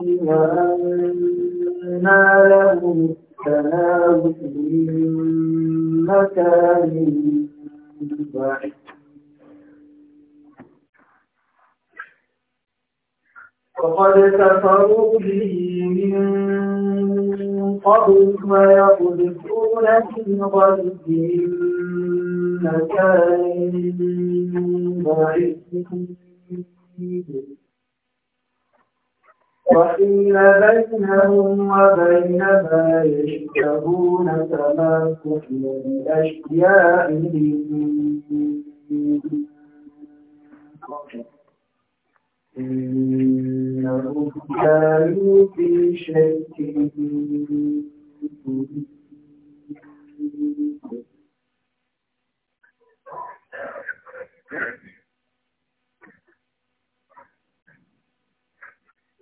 وأنا له التناول من مكان بعيد وقد كفروا به من قبل ويقذفون في غيبهم مكان بعيد وحيل بينهم وبين ما يشتهون كما كتب بأشيائهم إنهم كانوا في شك Thank you.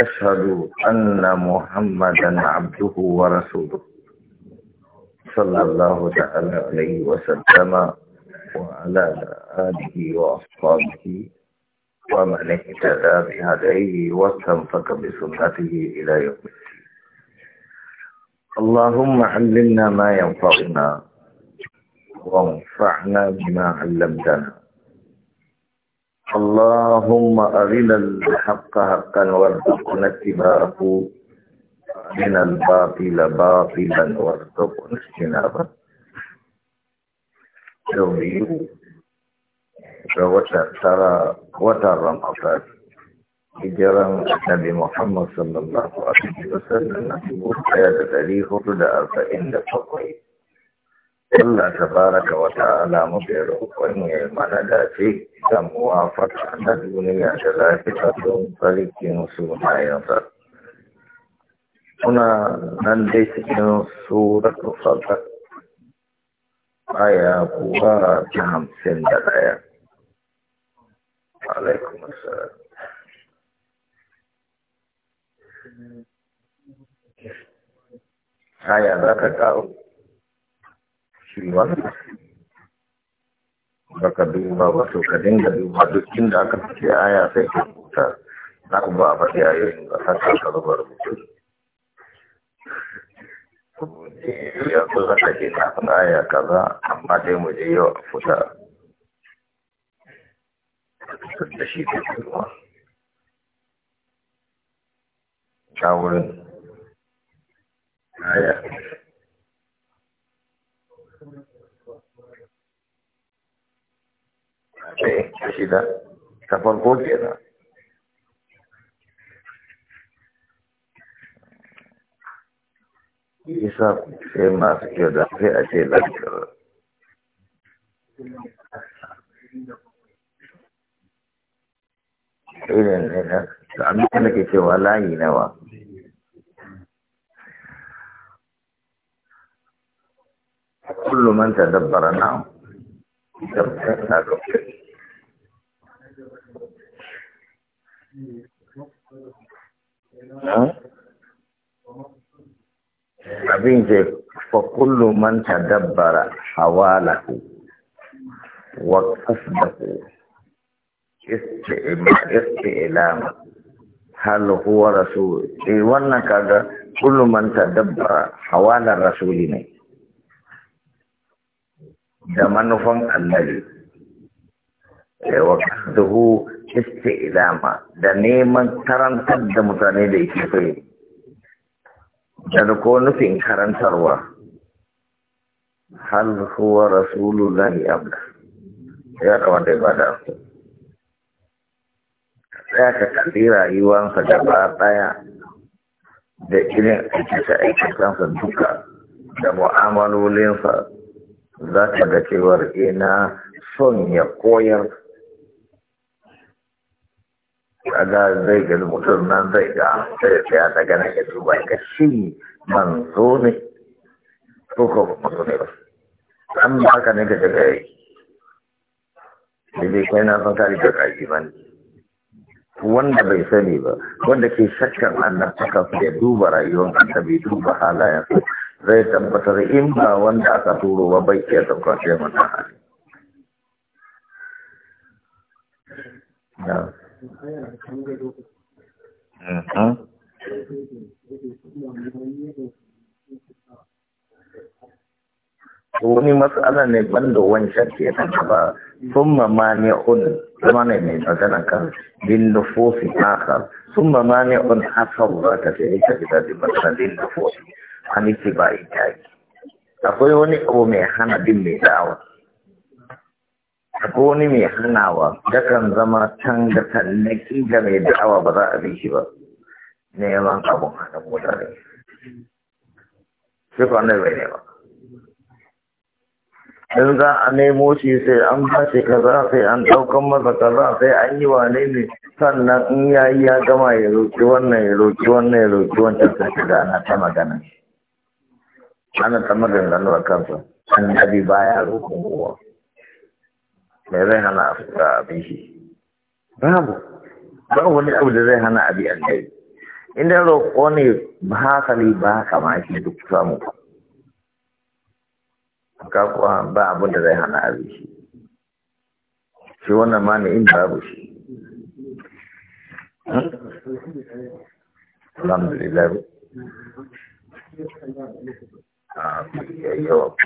أشهد أن محمدا عبده ورسوله صلى الله تعالى عليه وسلم وعلى آله وأصحابه ومن اهتدى بهديه واستنفق بسنته إلى يوم الدين اللهم علمنا ما ينفعنا وانفعنا بما علمتنا اللهم أرنا الحق حقا وارزقنا اتباعه من الباطل باطلا وارزقنا اجتنابه توحيد وترى وترى مفاتيح هجرة النبي محمد صلى الله عليه وسلم في بوكا تاريخه لا فإن تقيت Allah tabaraka wa ta'ala muke roƙon ya mana dace da muwafaka na duniya da lafiya don sarkin sunayensa. Muna nan dai cikin suratu sadaq aya kuwa ta hamsin da ɗaya. Alaikum assalam. Aya za ka kawo. shi Ba ka duba ba to ka dinga duba duk inda aka fice aya sai ka rubuta za ku ba a a ayoyin ba har ka ka zuba rubutu yanzu za ka ce na faɗa aya kaza amma dai mu je yau a fita da shi ta kuma shawarin aya ɗaya eh, ta shida ta farko kenan isa sai masu kyau da sai a ce lafiyar irin ne da ke cewa layi nawa كل من تدبر نعم تدبر نعم abin da fakullu man tadabbara hawalahu wa qasdahu isti'lama hal huwa rasul eh wannan kaga kullu man tadabbara hawalar rasuli ne da manufan annabi wa qasdahu ilama da neman karantar da mutane da yake kai da ko nufin karantarwa hal huwa rasulullahi abda ya wanda ba da ya ka kalli rayuwansa gaba daya da irin aikata aikatansa duka da mu'amalolinsa za ka ga cewar ina son ya koyar kaga zai gani mutum nan zai ga sai tsaya daga nan ya duba ga shi manzo ne ko ko manzo ne ba an ba ka ne daga gare da zai kai na san kari da kaji ba wanda bai sani ba wanda ke shakkan annabtaka su ya duba rayuwar bai duba halayen su zai tabbatar in ba wanda aka turo ba bai ke saukar shi mana hali. Yeah. wani matsala ne banda wancan ke nan ba sun mama ne un zama ne mai magana kan din da fosi akar sun mama ne un asar ba ta ce ita ita da matsala din da fosi an yi ba ita akwai wani abu mai hana din mai dawa Akwai wani mai hanawa yakan zama can ga tallaki ga mai da'awa ba za a bi shi ba neman abun hana mutane shi ne bai nema in za a nemo shi sai an ba shi kaza sai an daukan masa kaza sai an yi wane ne sannan in ya yi ya gama ya roƙi wannan ya roƙi wannan ya roƙi wancan sai shiga ana ta magana ana ta maganganu a kansa annabi baya roƙon kowa me zai hana a fita abin shi babu ba wani abu da zai hana abi alheri inda roƙo ne ba haka hasali ba haka kama shi duk samu ka kuwa ba abin da zai hana abi shi shi wannan ma ne in babu shi alhamdulillah a ah, yawa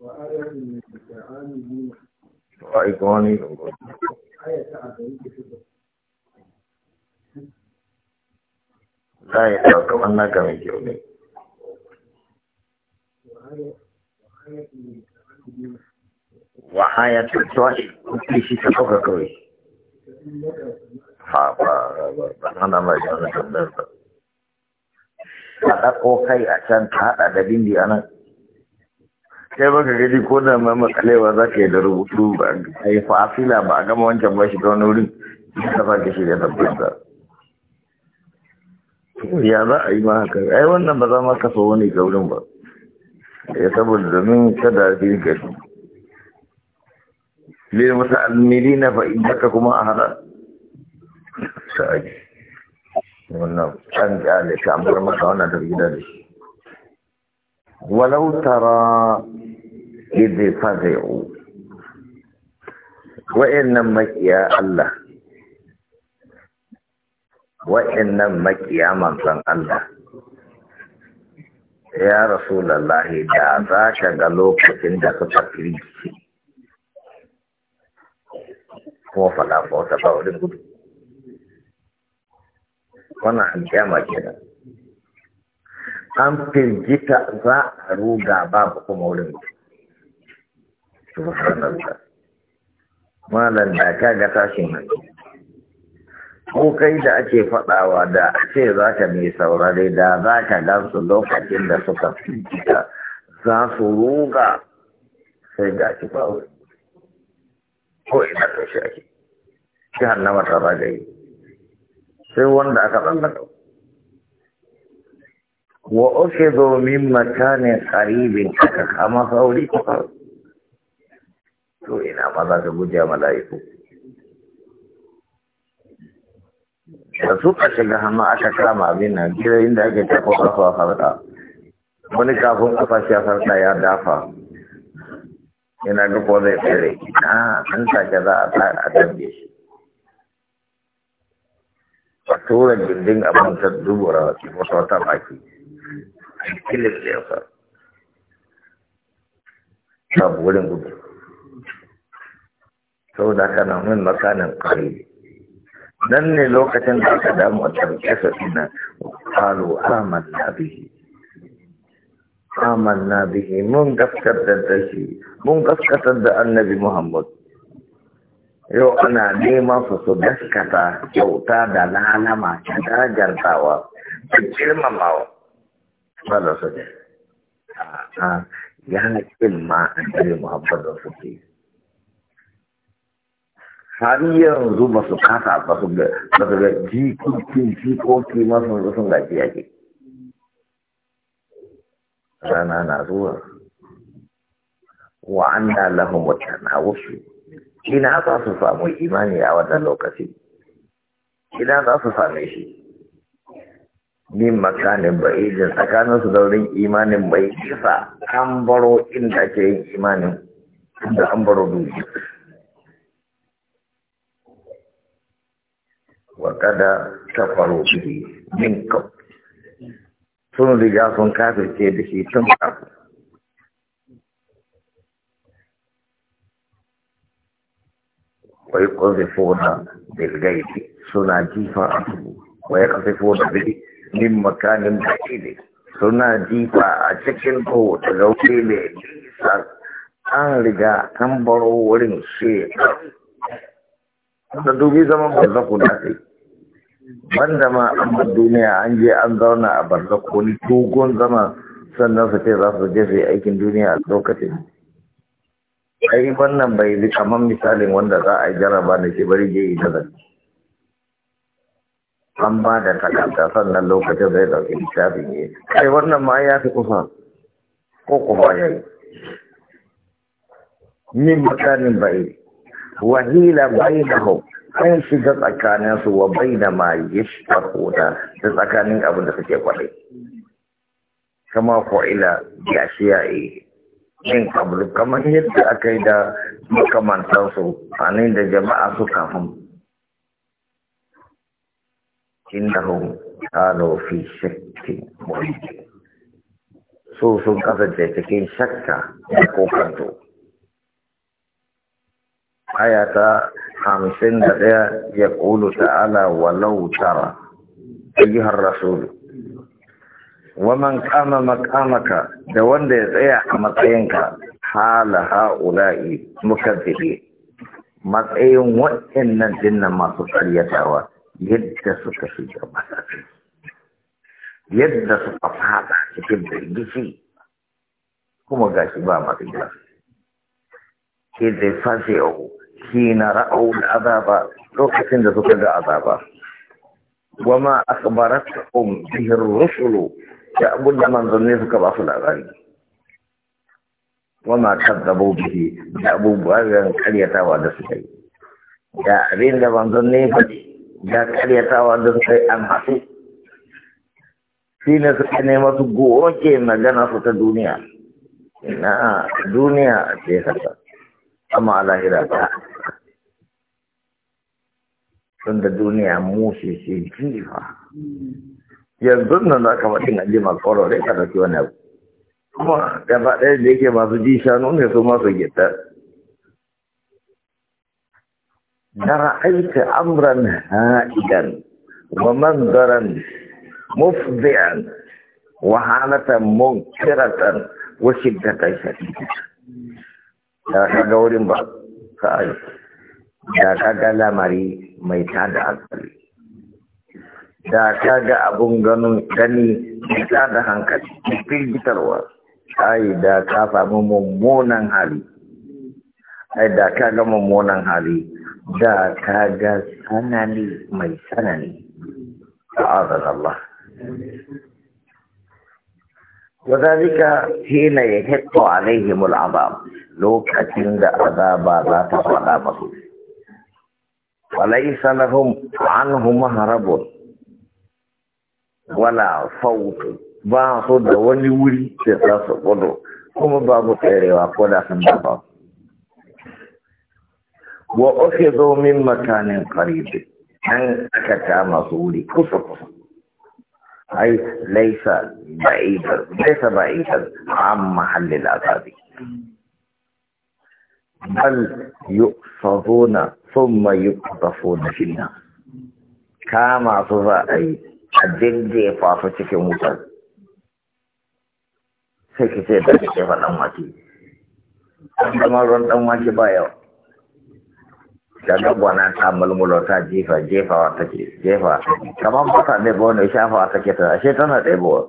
وإخواني لا يتوقع أنك من جولي وحياة الصالح shi ta تفوق كويس ha ba ba hana mai yana tambayar ba a ɗauko kai a can ta haɗa da bindi a nan kai baka gani ko da ma matsalewa za ka yi da rubutu ba a yi fa'afila ba a gama wancan ba shi ta wani wurin da ba ka shirya tabbata ya za a yi ma haka ai wannan ba za ma ka so wani ga wurin ba ya saboda domin kada fi gari lil na fa baka kuma a hana. sai wannan kan ga ne ka ambar maka wannan da gida da shi ولو ترى إذ فزعوا وإن مكيا Allah, وإن مكيا من الله ya rasulallahi da za ka ga lokacin da suka firgice kuma faɗa ba wata ba wurin gudu wannan alƙiyama kenan an firgita za a ruga babu kuma wurin subhanallah malam da ka ga tashin hannu. ko kai da ake faɗawa da ce za ka mai saurare da za ka gansu lokacin da suka firgita za su ruga sai ga ci ba ko ina ta shi ake shi hannama ta ragaye sai wanda aka tsallaka wa ukhidhu domin makanin qaribin aka kama sauri to ina ma za ka guje mala'iku da suka shiga hannu aka kama abin nan gida inda ake tafi kafa a farka wani kafin kafa shi a farka ya dafa Ina ga ko zai tsere a an take za a tsaya a dambe shi a tura gindin abin ta dubura wata wata baki kilif ɗinsa sabu wurin gudu sau da haka na min makanin ƙari nan ne lokacin da aka damu a tarke su ina ƙwalo aman na bihi aman na bihi mun gaskatar da shi mun gaskatar da annabi muhammad yau ana neman su su gaskata kyauta da lalama ta dajartawa da girmamawa malam sani a ya kin ma an tare muhammad da suke har yanzu ba su kasa ba su ga jikokin jikoki masu sun gaji yake rana na zuwa wa anna lahum watanawusu ina za su samu imani a wannan lokaci ina za shi min makanin ba'idin tsakanin su da wurin imanin bai kisa an baro inda ake yin imanin da an baro duki wa da ta faro biyu min kau sun riga sun ce da shi tun kafin wai ƙwazifu na bilgaiti suna jifa a tubu wai ƙazifu na bilgaiti nin makanin ne suna jifa a cikin kowace gauke mai nisa an riga an baro wurin shekaru da dubi zaman barzaku na sai banda ma an bar duniya an je an zauna a barzaku wani dogon zama sannan su ce za su je su yi aikin duniya a lokacin ai wannan bai kamar misalin wanda za a yi jaraba da ke bari je yi nazari an ba da takarda sannan lokacin zai dauki littafin ne kai wannan ma ya fi kusa ko kuma ya yi min makanin bai wahila bai na hau an shiga tsakanin su wa bai da ma yi da tsakanin abin da suke kwaɗai kama ko ila ya shi ya yi yin kamar yadda aka yi da makamantansu a da jama'a su kafin innahum kanu fi shakkin murid su sun kasance cikin shakka da kokanto aya ta hamsin da ɗaya ya ƙulu ta'ala walau tara ayyuhar rasulu waman kama makamaka da wanda ya tsaya a matsayinka hala ha'ula'i mukadzibi matsayin waɗannan dinnan masu karyatawa yadda suka shiga masafi yadda suka fada cikin birgisi kuma gashi ba gina ke zai fashe yau shi na ra'au da azaba lokacin da suka ga azaba wama akbarat um bihi rusulu ya da manzanni suka ba su labari wama kadzabu bihi da abubuwan karyatawa da suka yi da abin da manzanni ne da karyatawa da suka yi an haɗu shi ne suka nema su goke magana su ta duniya na duniya ce haka amma alahira ta sun da duniya musu shi jifa yanzu nan za ka faɗin aljima kwararre ka ɗauki wani abu kuma gaba ɗaya da yake masu ji shanu ne su masu gitar لرأيت أمرا هائدا ومنظرا مفضعا وحالة منكرة وشدة شديدة da ka ga wurin ba sa'ai da ka ga lamari mai tada hankali da ka ga abun ganin gani mai tada hankali firgitarwa ai da ka samu mummunan hali ai da ka ga mummunan hali da ka ga sanani mai sanani. a azar Allah. Wata zika hina ya hekko a laihimul azab lokacin da azaba za ta faɗa masu. Falaisa na hun an huma harabun wala fautu ba su da wani wuri da za su gudu kuma babu tsarewa ko da sun dafa su. wa zo min makanin qarib an aka kama su wuri kusa kusa ai laisa ba'idar laisa ba'idar an mahalli azabi bal yuqsaduna thumma kusafo na shina kama su za a yi a jajjefa su cikin wutar sai ki ce da ke faɗan wake. Ɗan ruwan ɗan wake ba yau kaga gwana ta mulmulo ta jefa jefawa ke jefa kamar bata ne ba wani shafawa take ta ashe tana ɗebowa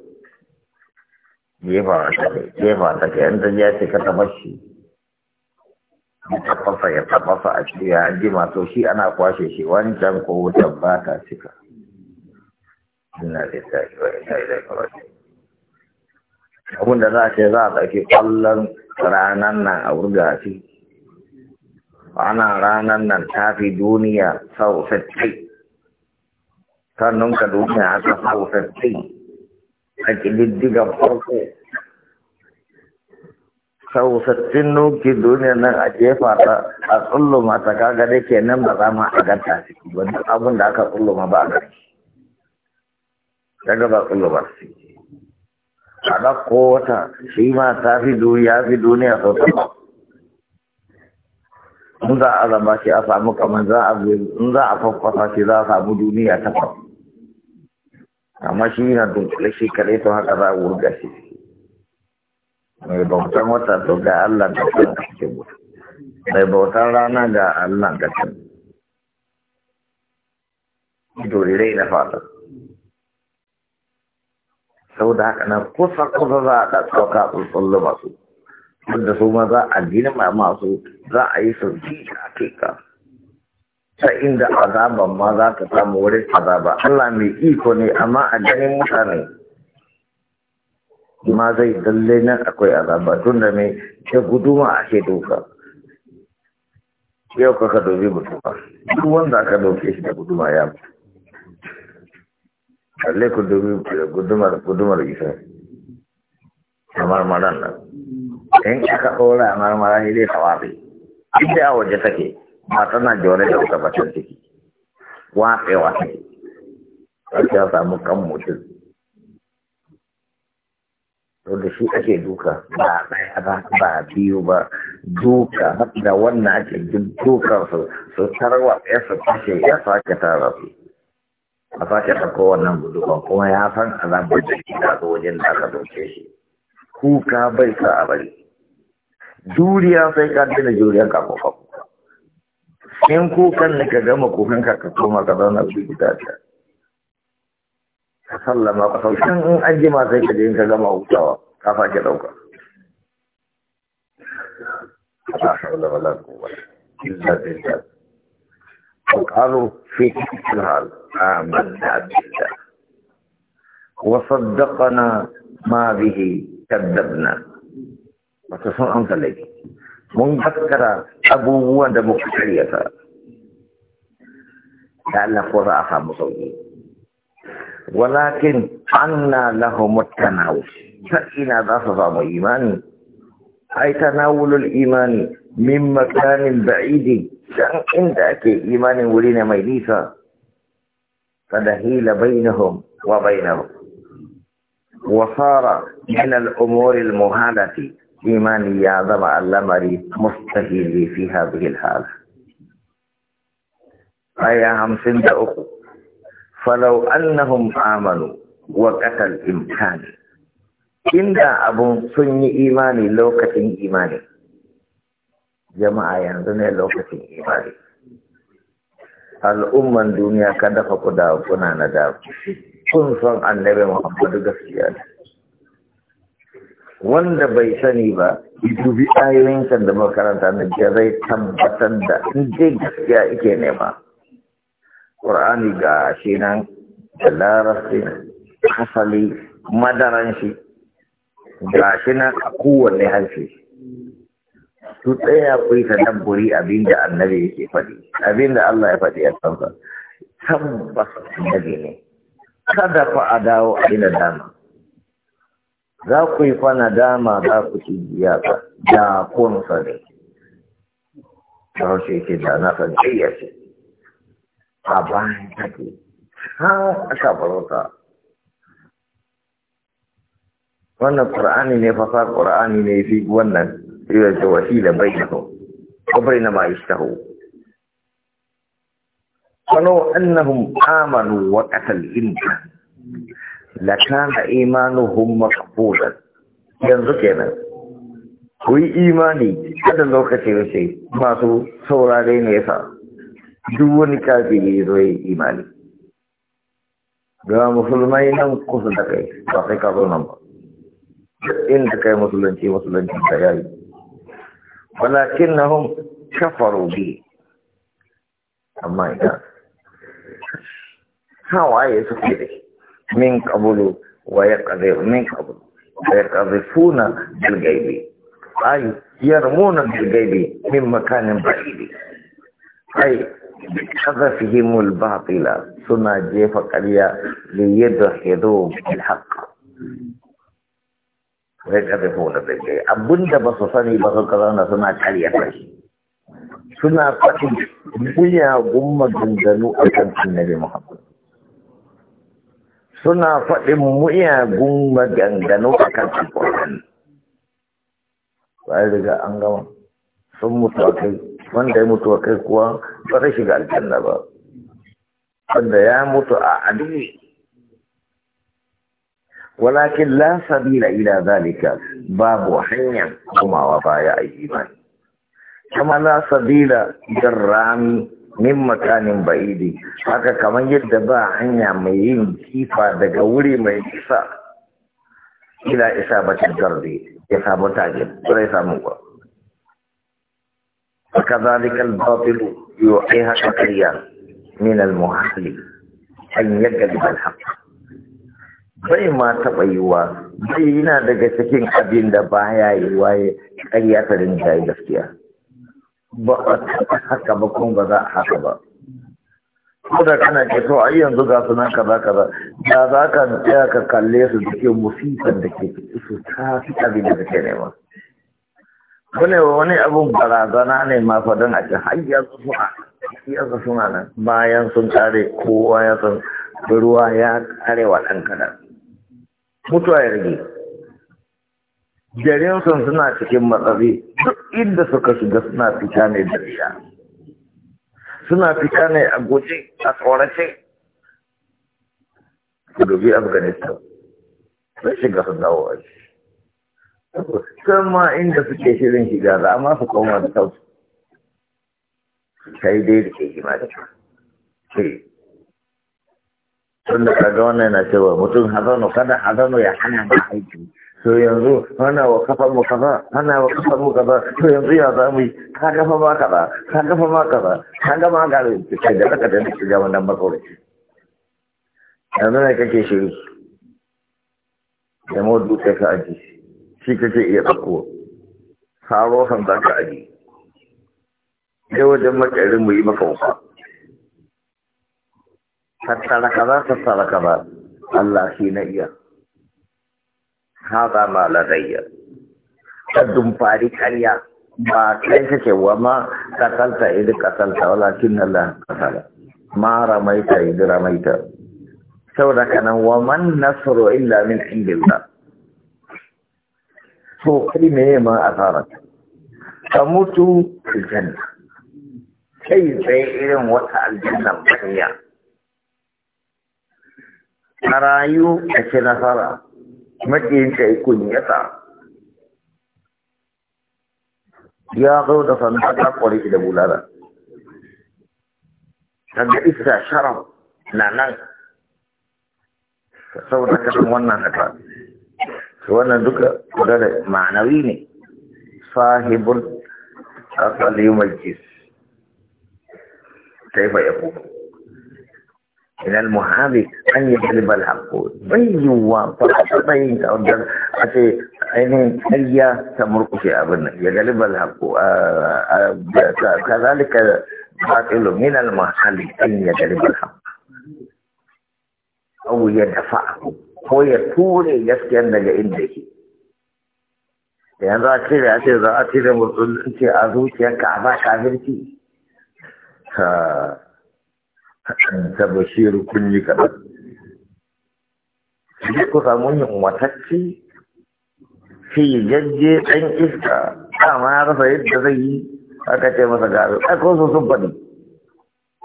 jefawa take jefawa take in ta ya shi ka taɓa shi ya tabbasa ya tabbasa a ciki ya jima to shi ana kwashe shi wancan ko wutan ba ta cika ina da ta yi wa da ya abin da za a ce za a ɗauki ƙwallon ranar nan a wurga a ciki ana ranar nan ta fi duniya sau sittin sannan ka duniya haka sau a ƙididdigan farko sau sittin nuki duniya nan a jefa ta a tsulluma ta kaga da ke nan ba za ma a ganta ciki ba duk abin da aka tsulluma ba a gani daga ba tsulluma a ɗauko wata shi ma ta fi duniya fi duniya sau takwas in za a zama shi a samu kamar za a in za a faffasa shi za a samu duniya kwa amma shi yana dunkule shi kare to haka za a wurga shi mai bautan wata to ga Allah da kan kake mutu mai bautan rana ga Allah da kan dorirai na fata sau da haka na kusa kusa za a ɗauka tsuntsun masu wanda su ma za a ma masu za a yi sauki a keka ta inda azaban ma za ta samu wurin azaba Allah mai iko ne amma a ganin mutane ma zai dalle nan akwai azaba tun da mai ta guduma ake doka yau ka dobe mutum duk wanda aka doke shi da guduma ya mutu kalle ku dobe gudumar gudumar isa kamar maran nan in aka ɗora marmara ne zai tawafi inda a waje take ba tana jore da wata bacin ciki watsewa take wacce ya samu kan mutum to da shi ake duka ba ɗaya ba ba biyu ba duka da wannan ake dukan su su tarwa ya su kashe ya sake tara su a sake ta kowannan budukan kuma ya san azabar da ke da wajen da aka doke shi kuka bai sa a bari juriya sai ka dina juriya ka ko kuka in kukan ne ka gama kukan ka ka koma ka zauna su guda ta ka sallama ka sauƙin in an ma sai ka je in ka gama hutawa ka fake ɗauka لا وقالوا في الحال آمنا بالله وصدقنا ما به كذبنا ba su san an zalai mun haskara abubuwan da muka karyata da Allah ko za a samu sauki walakin anna lahum at-tanawul ta ina za su samu imani ai tanawulul imani min makanin ba'idi dan inda ake imanin wuri ne mai nisa fadahila bainahum wa bainahum wa sara min al muhalati إيماني يا عظم اللمري مستهيلي في هذه الحالة أي هم سند أخو فلو أنهم آمنوا وقت الإمكان إن دا أبو سني إيماني لو كتن إيماني جماعة يندني لو كتن إيماني الأمة الدنيا كدفق داو كنا نداو كن صنع النبي محمد قصيادة wanda bai sani ba dubi ayoyin da makaranta na jirai tabbatar da in gaskiya ike nema ƙur'ani ga shi nan da larabci asali madaran shi ga shi nan a kowane harshe su tsaya ku yi dabburi abin da annabi yake faɗi abin da Allah ya faɗi a kansa tabbas annabi ne kada fa a dawo a yi nadama za ku yi fa dama za ku ci biya ba da kun sani taushe ke da na san jiya ce a bayan take ha aka barota wannan qur'ani ne fa sa qur'ani ne fi wannan ya ce wasila Ko wa bainama ma yashtahu kanu annahum amanu wa qatal insan la kana imanuhum maqbulan yanzu kenan ku yi imani kada lokaci sai masu saurare ne yasa duk wani kafiri zo yi imani ga musulmai nan kusa da kai ba sai ka zo nan ba inda kai musulunci musulunci da yayi walakin na hun kafaru bi amma ina hawaye ke da shi من قبل ويقذف من قبل ويقذفون بالغيب أي يرمون بالغيب من مكان بعيد أي بقذفهم الباطل سنا جيف قرية ليدحضوا بالحق ويقذفون بالغيب أبن بصصني بصصنا سنا قرية suna faɗin kuya gumma dangano a kan Muhammad. suna faɗin muyagun maganganu a kan alƙur'ani bayan riga an gama sun mutu a kai wanda ya mutu a kai kuwa ba ta shiga aljanna ba wanda ya mutu a adini walakin la na ila zalika babu hanyar Kumawa baya a yi imani kama la na idan rami min makanin ba'idi haka kamar yadda ba hanya mai yin kifa daga wuri mai isa ila isa ta garde ya samu tage ya samu kwa haka zalikal babilu yau ai haka karya min almuhalli an yadda liban haka bai ma taɓa wa? bai yana daga cikin abin da ba baya wa ya ƙarya ta rinjaye gaskiya ba a taɓa haka ba kuma ba za a haka ba ko da kana ke to ai yanzu ga sunan kaza kaza da za ka tsaya ka kalle su da ke musifan da ke su ta fi abin da kake nema wani wani abun barazana ne ma fa don a ce har yanzu suna yanzu suna nan bayan sun kare kowa ya san ruwa ya kare wa ɗan kaɗan mutuwa ya rage sun, suna cikin matsari duk inda suka shiga suna fita ne da riya suna fita ne a guje a tsorace su dubi afghanistan sun shiga su dawo a sun ma inda suke shirin shiga za ma su koma da kansu sai dai da ke gima da ke tun da kaga wannan na cewa mutum hazano kada hazano ya hana ma aiki to yanzu hana wa kafar mu kaza hana wa kafar mu kaza to yanzu ya za mu yi ka kafa ma kaza ka kafa ma kaza ka ga ma ga da kai da kaka da kike ga wannan makauraci yanzu ne kake shiri da mu dutse ka aji shi kake iya tsako saro san da ka aji sai wajen makarin mu yi maka wufa tattara kaza tattara kaza Allah shi na iya haɗa ma ladayya Ka dumfari karya ba kai ka ce wa ma ƙasalta idu ƙasalta wala cin Allah ƙasala ma ramaita idu ramaita sau da kanan wa man illa min ingilta so kai ma yi ma a fara ta mutu kirkan kai zai irin wata aljihar kariya Karayu a ce nasara maƙiyinka ya kunyata ya zo da sanda ta kware shi da bulala kaga isa sharaf na nan saboda kasan wannan haka wannan duka kudada ma'anawi ne sahibul asali majis kaifa ya kuma من المحابي أن يجلب الحق بيوا أيوة، فقط بين أودر أتي أين هيا تمرق في أبنى يجلب الحق آه، آه، كذلك باطل من المحال أن يجلب الحق أو يدفعه هو يطول يسكن لك عنده yanzu رأتي رأتي رأتي رأتي رأتي رأتي رأتي رأتي رأتي رأتي رأتي ta bashiru kun yi kaɗan. Sai ku samu yin watacce, shi yajje ɗan iska, dama ya rasa yadda zai yi aka ce masa gari. Ai, ko su sun faɗi.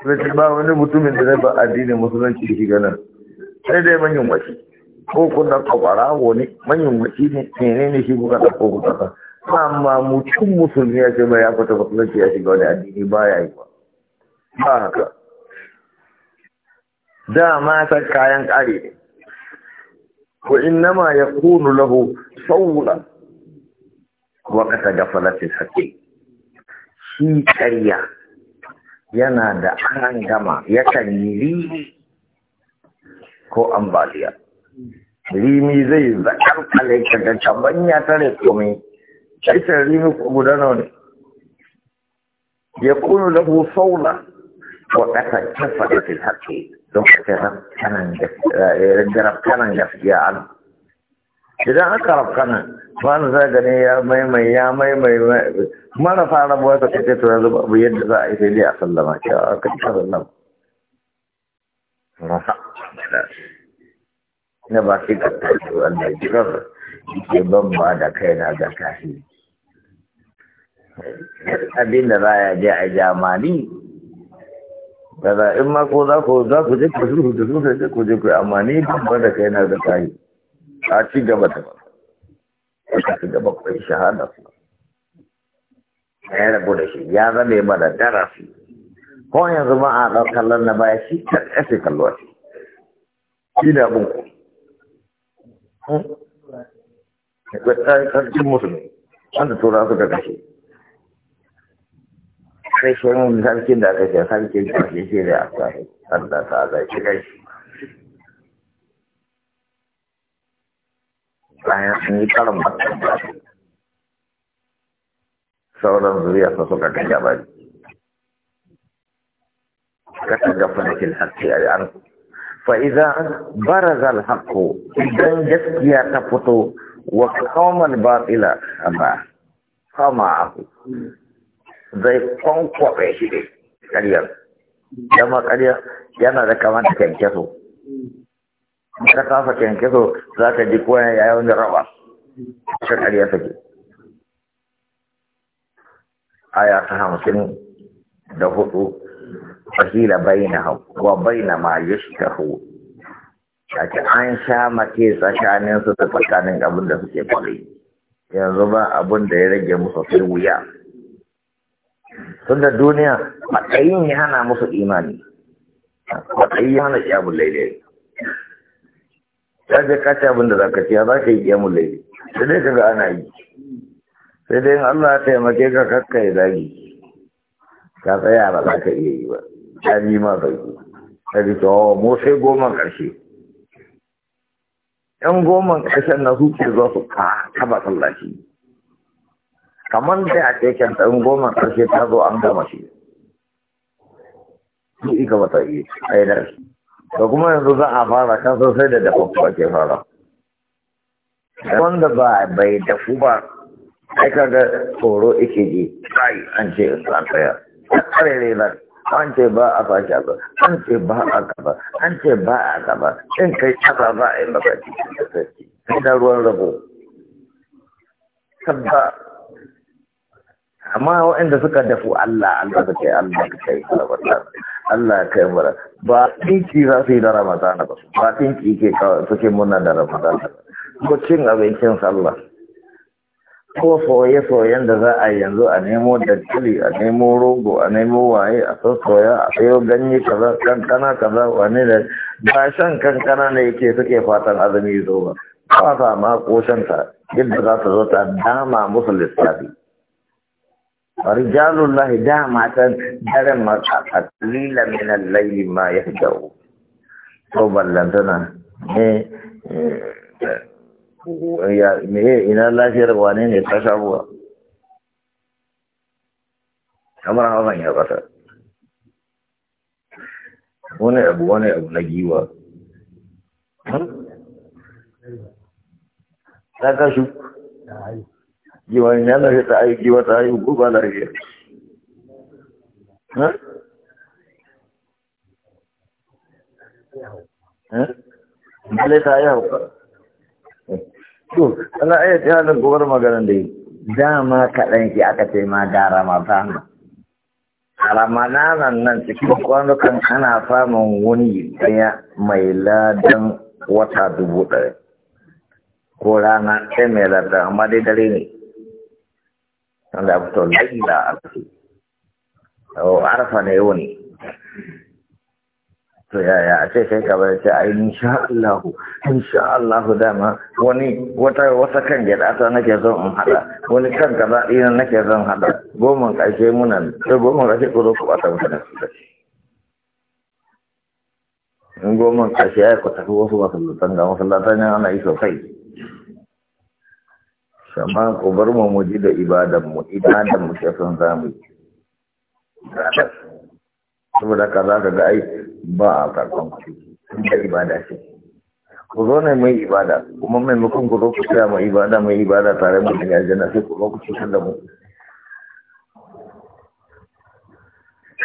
Sai ba wani mutumin da zai ba addini musulunci shi ganin. Sai dai manyan wasi. Ko kuna kwakwara wani manyan wasi ne, ne ne shi kuka ɗauko kuka ɗauko. amma mutum musulmi ya ce mai ya fita musulunci ya shiga wani addini ba ya yi ba ba haka dama ta kayan ƙare ne wa innama ya kunu lahu saula wakata gafalatin haƙi shi ƙarya yana da an gama yakan yi rimi ko ambaliya rimi zai zakar kale kaga caban ya tare komai shaitan rimi ko guda nawa ne ya kunu lahu saula wakata gafalatin haƙi don ka eh, gaskiya an idan aka rafkanan wani za gani ya maimai ya maimai mana fara rabuwa ta kace to yanzu babu yadda za a yi sai dai a sallama cewa ka ci sallam rasa na ba shi ka tashi wanda jirar ke ban ba da kai na ga kashi abinda za a je a jamani kaza in ma ko za ku za ku je ku sulhu da su sai ku je ku amma ni ban da kai na da kai a ci gaba da ka ci gaba ku shahada ku ya rabu da shi ya zame mana darasi ko yanzu ma a ɗau kallon na baya shi ta ake kallon shi shi da abin ku ƙasar An da tura suka kashe kashe mun sarkin da kashe sarkin kashe shi da aka Allah ta zai shi kai bayan an yi karin matan sauran zuriya su suka kai gaba kasa ga fadakin hakki a yan fa'iza barazal hakko idan gaskiya ta fito wa kawman batila a kama aku zai kwankwabe shi ne ƙaryar yamma ƙaryar yana da kamar ta kyankyaso ka kafa kyankyaso za ka ji ya yi wani raba shi ƙaryar a aya ta hamsin da hudu fasila baina wa baina ma a Ake an sha mace tsakaninsu ta tsakanin abin da suke kwari yanzu ba abin da ya rage musu sai wuya tunda duniya matsayin ya hana musu imani matsayi ya hana kyamun laidai ya je ka ci abin da za ka ciya za ka yi kyamun laidai sai dai ka ga ana yi sai dai in Allah ya taimake ka kakka ya zagi ka tsaya ba za ka iya yi ba ya ji ma zai yi ji to oh, mu sai goma ƙarshe yan goma ƙarshen na su ke zuwa su ka taba ne kamar sai a ce kyan ɗan goma ƙarshe ta zo an gama shi su ika mata yi aidar da kuma yanzu za a fara kan sosai da dafa dafafu ke fara wanda ba bai dafu ba ai kaga tsoro ike ji kai an ce in tsaya kare ne an ce ba a fashi a an ce ba a gaba an ce ba a gaba in kai kasa za a yi maka da sarki da ruwan rabo ba amma waɗanda suka dafu Allah Allah ta kai Allah ta kai Allah ta kai mura ba tinki za su yi da Ramadana ba ba tinki ke suke muna da Ramadana ko cin abincin sallah ko soye-soyen da za a yanzu a nemo dankali a nemo rogo a nemo waye a sassoya a sayo ganye kaza kankana kaza wani da ba shan kankana ne yake suke fatan azumi zo ba ba sa ma koshin yadda za su zo ta dama musu lissafi رجال الله دامة درم قليل من الليل ما يهجو صوب اللندنا إيه، إيه، يا ايه ان الله في روانين يتشابوا كما راه غني هذا هنا ابو هنا ابو نجيوا لا تشوف giwan yana shi ta aiki wata aiki guba lafiya Bale ta yi hauka. To, ana iya ta halin gobar maganar da yi, dama kaɗan ki aka ce ma da Ramadana. A nan nan cikin kan ana samun wuni ɗaya mai ladan wata dubu ɗaya. Ko rana ɗaya mai ladan, amma dai dare ne. sanda abu to laila arfi o arfa ne yau ne to ya a ce kai kabar ce ai insha Allah insha Allah dama wani wata wata kan da ta nake son in hada wani kan kaza ina nake son hada goma kashe munan to goma kashe ko ko bata mutane su da in goma karshe ai ko tafi wasu masallatan ga masallatan ana yi sosai Sama ku bar mu mu ji da ibadanmu, mu ke son zamu yi. Saboda ka za ka ga ai ba a karɓan kuɗi, da ibada ce. Ku zo ne mai ibada, kuma maimakon ku zo ku tsaya mai ibada mai ibada tare mu daga aljanna sai ku zo ku cutar da mu.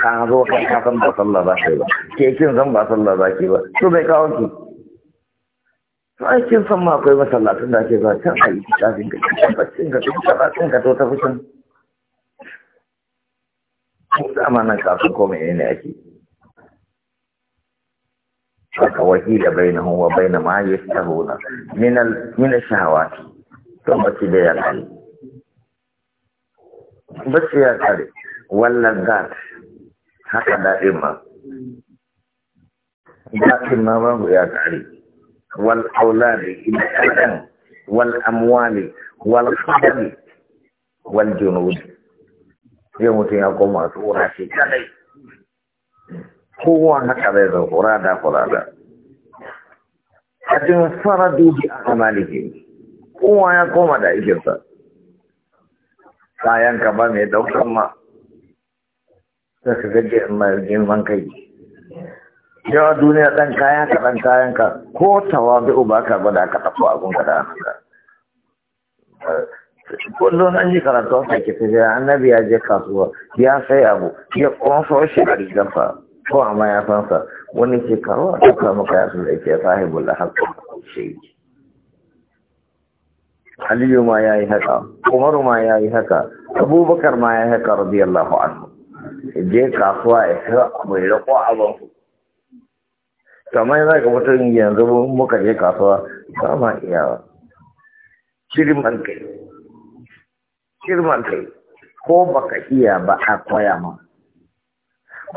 Ka zo kai ka san ba sallah za ka yi ba, ke kin zan ba sallah za ki ba, to bai kawo ki. to ai kin san ma akwai masallatun da ake zuwa can a yi kafin ka ci baccin ka ci karatun ka to ta fushin ko da nan kafin ko mene ne ake haka wakila bainahum wa bain ma yastahuna min al min ash-shahawati to bace da ya kare bace ya kare wallan zat haka da ma Gatin ma babu ya kare wal auladi ila kadan wal amwali wal khadami wal junud yau mutum ya koma tsora shi kadai kowa haka zai zo kura da kura da cikin faradu bi amalihim kowa ya koma da aikinsa kayan ka ba mai daukan ma sai ka gaje mai girman kai yawa duniya ɗan kayan ka ɗan kayan ka ko tawabi'u ba ka gwada ka tafi a gunka da haka kullum an ji karatu a sake tafiya annabi ya je kasuwa ya sai abu ya kwanso shi a rigarsa ko a mayafansa wani shekaru a tuka maka ya sun aiki ya sahibul haƙƙa shi Aliyu ma ya yi haka, Umaru ma ya yi haka, Abubakar ma ya yi haka radiyallahu anhu. Je kasuwa ya sai abu ya rako abin kamar za ka mutum yanzu muka je kasuwa ba ma ba kirman kai kirman kai ko baka iya ba a koya ma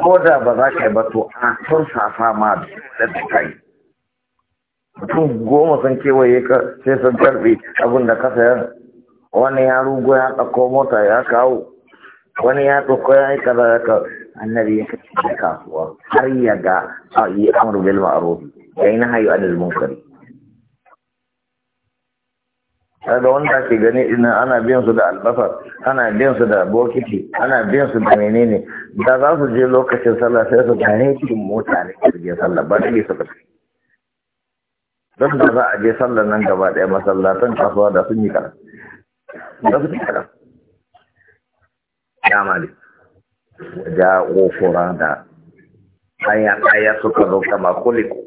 ko da ba za ka yi ba to a safa ma da ta kai mutum goma sun kewaye ka sai sun karbe abin da ka sayar wani ya rugu ya ɗauko mota ya kawo wani ya ɗauko ya yi kaza ya kawo annabi ya kace kasuwa har ya ga yi amru bil ma'ruf ya yi nahyi anil munkari da wanda ke gani ina ana biyan su da albasa ana biyan su da bokiti ana biyan su da menene da za su je lokacin sallah sai su gane cikin mota ne su je sallah ba su ba don da za a je sallah nan gaba ɗaya masallatan kasuwa da sun yi kara da su ci kara ya ne ja da hanya ɗaya suka zo kama kuliku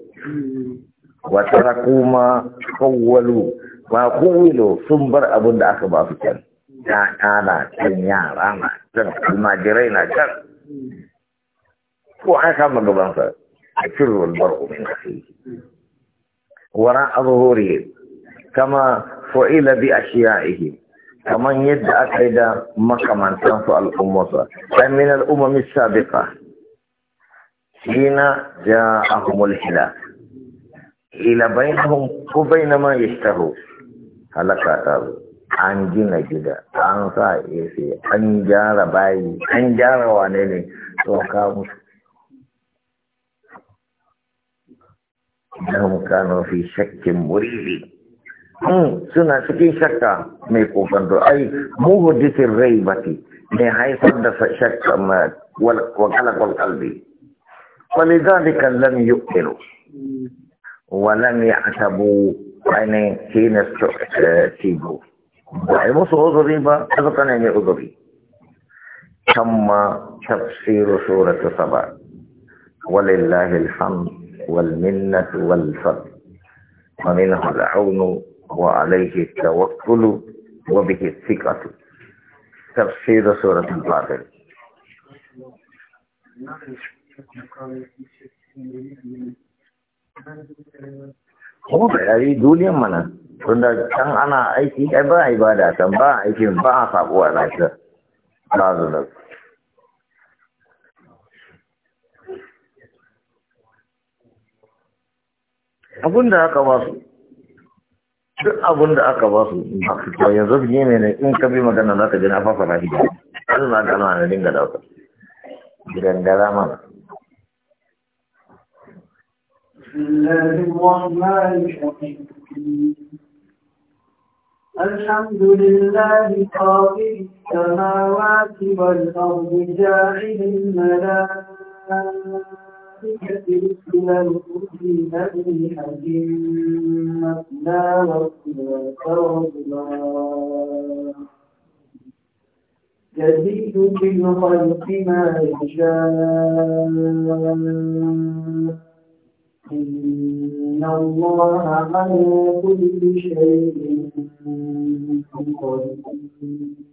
wata na kuma kawwalu ba kowilo sun bar abin da aka ba su can ya na can yara na can almajirai na can ko an kama gabansa a cirwar bar'u min asiri wara a kama fa'ila bi a كمان يد أكيدا ما كمان تنفع الأمة فمن الأمم السابقة حين جاءهم الهلاك إلى بينهم وبين ما يشتهوا هلا كاتب أنجينا جدا أنسى عن أنجارا باي أنجارا وانيني توكام إنهم كانوا في شك مريبين in suna cikin shakka mai أي ai muhuddisin rai bati mai haifar da shakka wakalakon kalbi ولذلك لم يؤمنوا ولم يعتبوا يعني حين استجيبوا وعمص عذري با أذقن يعني عذري تم تفسير سورة سبع ولله الحمد والمنة والفضل ومنه العون wa alaihi tawakkulu wa bihi thiqatu tafsir surah al-fatir kuma ba ya yi duniyan mana tun da can ana aiki ɗai ba ibada yi ba da can ba a aiki ba a faɓo a lafiya ba da aka ba su duk abin da aka ba su ba to yanzu su ne ne in ka bi magana za ka ji na fafara shi an za ka na dinga dauka gidan gara mana الحمد لله قاطر السماوات والأرض جاعل الملائكة رسلنا في مدحة مثنى وثلاث ورباع يزيد في الخلق ما يشاء إن الله على كل شيء قدير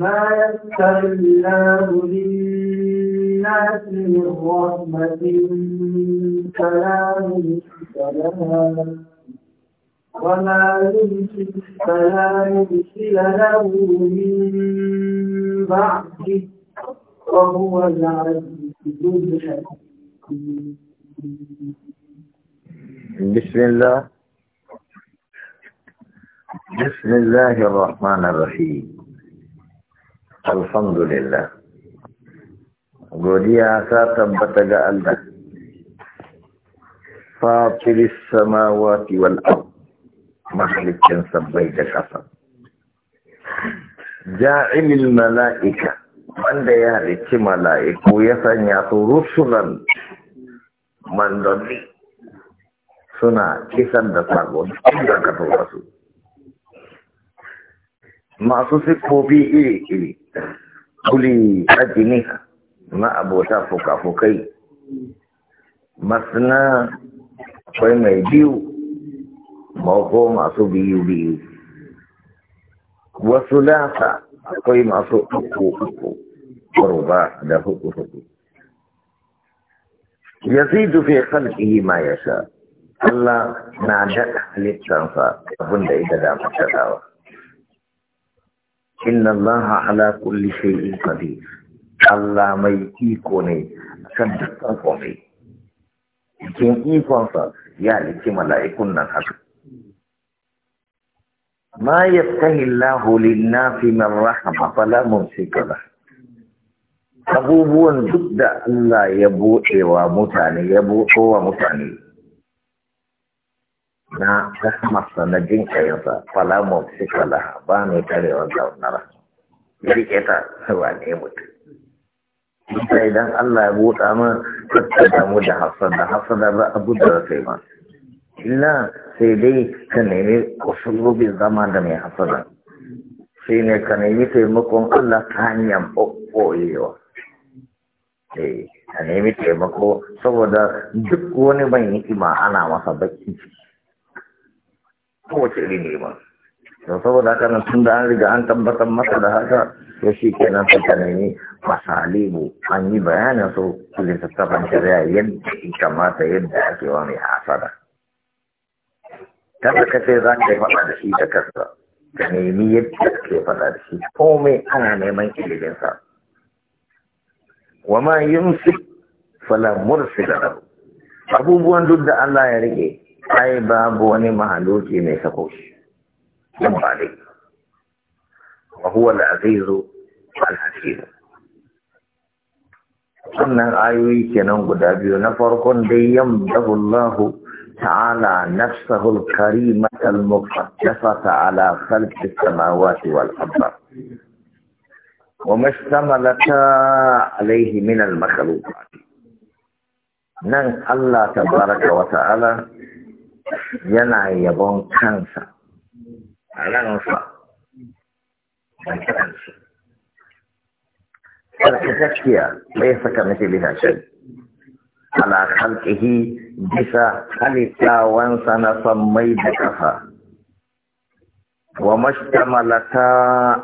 ما يفتر الله للناس من رحمة فلا يمسك لها وما يمسك فلا يرسل له من بعده وهو العزيز الحكيم بسم الله بسم الله الرحمن الرحيم alhamdulillah godiya ta tabbata ga Allah fatiris samawati wal ard mahalikin sabbai da kasa ja'ilil mala'ika wanda ya halicci mala'iku ya sanya su rusulan mandoni suna kisan da sabon da ka wasu masu siffofi iri-iri kuli ajini ma abota fuka-fukai masana akwai mai biyu mako masu biyu-biyu wasu lasa akwai masu uku-uku kurba da huku-huku yazidu dufe khalqihi ma ya sha. Allah na daɗa halittansa abinda ita da mutadawa inna allaha ala kulli shay'in qadir Allah mai iko ne kan dukkan komai cikin ikonsa ya liki mala'ikun nan haka ma yaftahi Allahu lin-nasi min rahma fala mumsika abubuwan duk da Allah ya buɗewa mutane ya buɗo wa mutane na rahmarsa na jin kayansa fala mafi kala ba mai tarewa da ya rike ta sawa ne mutu idan Allah ya buɗa min kakka damu da da da za a buɗa da sai ma illa sai dai ka nemi usulubin zama da mai hasan Sai ne ka nemi taimakon Allah ta hanyar ɓoɓɓoyewa eh, ka nemi taimako saboda duk wani ban yi ima ana masa baki ciki kowace iri ne ba da saboda haka nan tun da an riga an tabbatar masa da haka ya shi kenan ta tanani masalibu an yi bayanin su su littattafan shari'a yadda ya kamata yadda ake wa mai hasada kada ka ce za ka yi faɗa da shi da kasa ka nemi yadda ake faɗa da shi komai ana neman sa. wa ma su fala mursila da abubuwan duk da Allah ya rike ai babu wani mahaluki mai sako shi yan ba dai wa huwa al-azizu al-hakim wannan ayoyi kenan guda biyu na farkon dai yan dahullahu ta'ala nafsahu al-karimata al-muqaddasata ala khalqi as-samawati wal-ardh وما اشتملت عليه من المخلوقات نن الله wa ta'ala. yana yabon kansa a ransa da kiransu ta gaskiya bai saka mace bisa shi ana halƙihi bisa halittawansa na sammai da ƙafa wa mashtamalata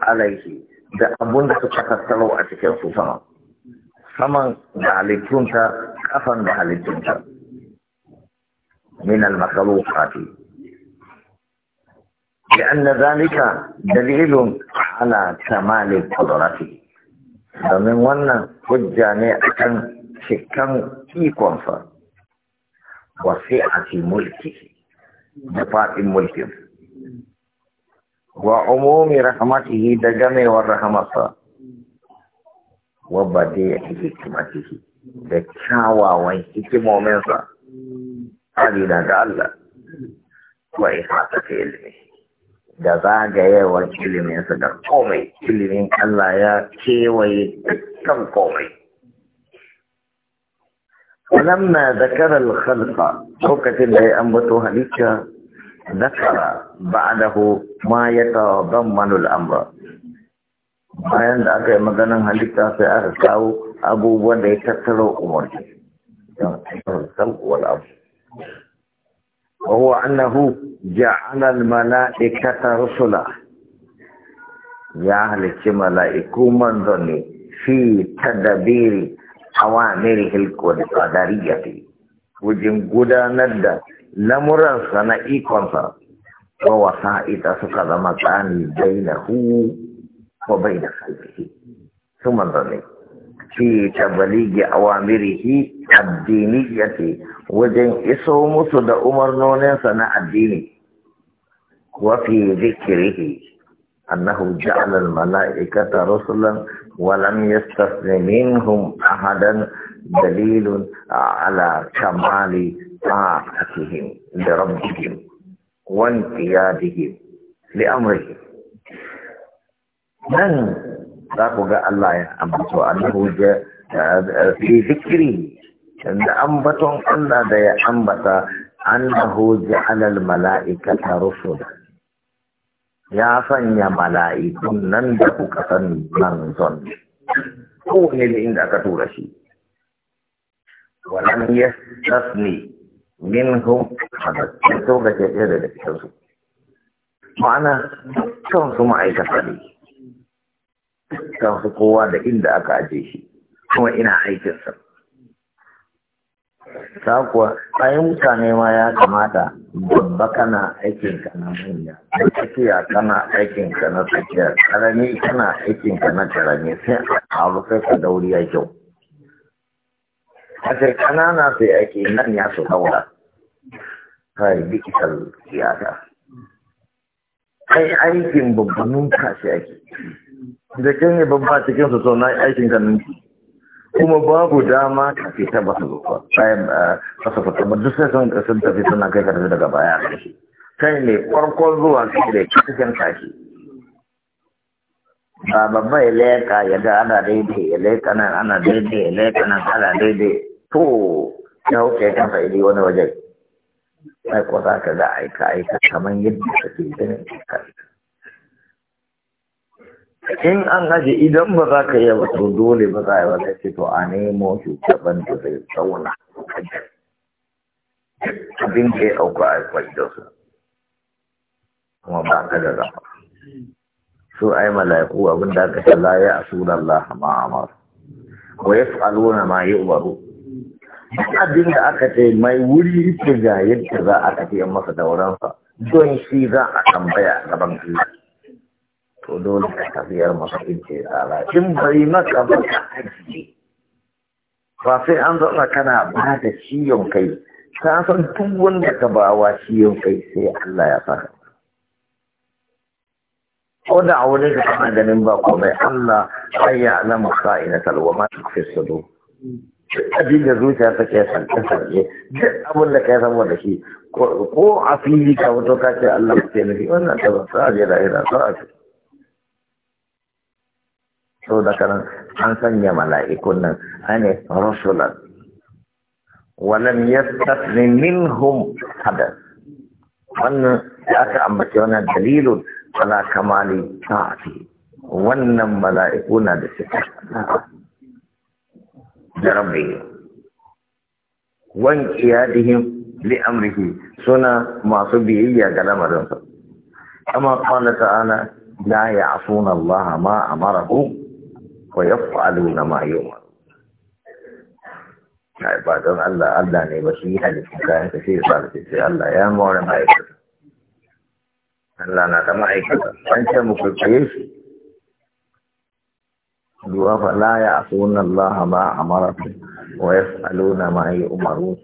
alaihi da abun da suka tattaro a cikin su saman da halittunta ƙafan da halittunta من المخلوقات لأن ذلك دليل على كمال قدرته ومن ون حجة أكن شكا إيكون وسعة ملكه دفاع ملكه وعموم رحمته دجمي والرحمة وبديع حكمته دكاوى وحكمه منصر adina ga Allah wa ifatati ilmi da zagayewar iliminsa da komai ilimin Allah ya kewaye dukkan komai ولما ذكر الخلق حكة الله أنبته هلك ذكر بعده ما يتضمن الأمر bayan da aka yi maganin halitta sai aka kawo abubuwan da ya tattaro umarci don aikatar salkuwar abu وهو أنه جعل الملائكة رسلا يا أهل الملائكة من ظني في تدبير أوامره القدرية وجن قدانا لمرا سنئي كونسا ووسائط سكذا مكان بينه وبين خلفه ثم ظني fi tabaligi awamirihi addiniyati wajen iso musu da umarnoninsa na addini wa fi zikirihi annahu ja'ala al-mala'ikata rusulan wa lam yastasni minhum ahadan dalilun ala kamali ta'atihim li rabbihim wa li amrihi nan za ku ga Allah ya ambato annahu ja fi zikri da ambaton Allah da ya ambata annahu ja'ala al-mala'ikata rusula ya sanya mala'ikun nan da kuka san Ko wani da inda aka tura shi walan yastasni minhum hada to ga ke da da kansu ma'ana dukkan ma'aikata ne kan fi kowa da inda aka aje shi kuma ina aikinsa ta kuwa bayan mutane ma ya kamata babba kana aikinka na manya da tsakiya kana aikinka na tsakiya karami kana aikinka na karami sai a rufe sai ka dauri ya kyau a sai kanana sai ake nan ya su haura kai dikitar siyasa kai aikin babbanin kashi ake da kan yi babba cikin su na aikin ganin kuma babu dama ka fita ba su zuwa bayan ba ba duk sai sun sun tafi suna kai karfi daga baya kai ne farkon zuwa kai da cikin kashi ba babba ya leka ya ga ana daidai ya leka nan ana daidai ya leka nan ana daidai to ya wuce kan fa'idi wani waje sai ko za ka ga aika aika kamar yadda kake ganin aika in an haji idan ba za ka iya ba to dole ba za a yi ba zai to a nemo shugaban da zai tsauna abin da ya ɗauka a kwai da su kuma ba ka da zama su ai mala'iku abin da aka tala ya a masu ko ya fi yas'aluna ma yi umaru abin da aka ce mai wuri ke ga yadda za a tafiya masa dauransa don shi za a tambaya gaban kuma to dole ka tafiyar masa ince tsara in bai maka ba ka ajiye ba sai an zauna kana ba da ciyon kai ka san duk wanda ka ba wa ciyon kai sai Allah ya fara ko da aure ka kana ganin ba komai Allah sai ya alama sa'ina talwa ma fi sudur abin da zuciya take sanke sanke duk abin da ka kai saboda shi ko a fili ka wato ka ce Allah ya nufi wannan da ba sa je da ira sa sau da kanan an sanya mala'ikun nan ane rasulat walam yastasni minhum hadas wannan ya aka ambaci wannan dalilun ala kamali ta'ati wannan mala’ikuna da sifar da rabbi wan qiyadihim li amrihi suna masu biyayya ga lamarinsa amma qala ta'ala la ya'suna Allah ma amarahu wa yaf'aluna ma yu'mar ai ba don Allah Allah ne ba shi halittun kayan ka sai sa ce sai Allah ya more ma'aikata Allah na da ma'aikata an ce mu kwaikwaye shi duwa fa la ya asuna Allah ma amaratu wa yas'aluna ma yu'maru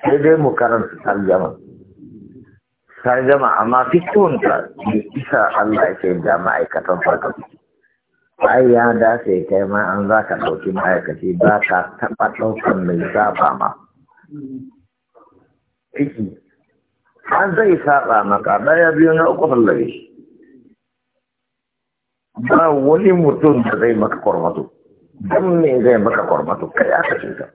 sai dai mu karanta tarjama tarjama amma fikun ta isa Allah ya yake da ma'aikatan farko ai ya dace kai ma an za ka ɗauki ma'aikaci ba ka taɓa ɗaukan mai saba ma ciki an zai saba maka ɗaya biyu na uku sallare ba wani mutum da zai maka kwarmato don me zai maka kwarmato kai aka cuta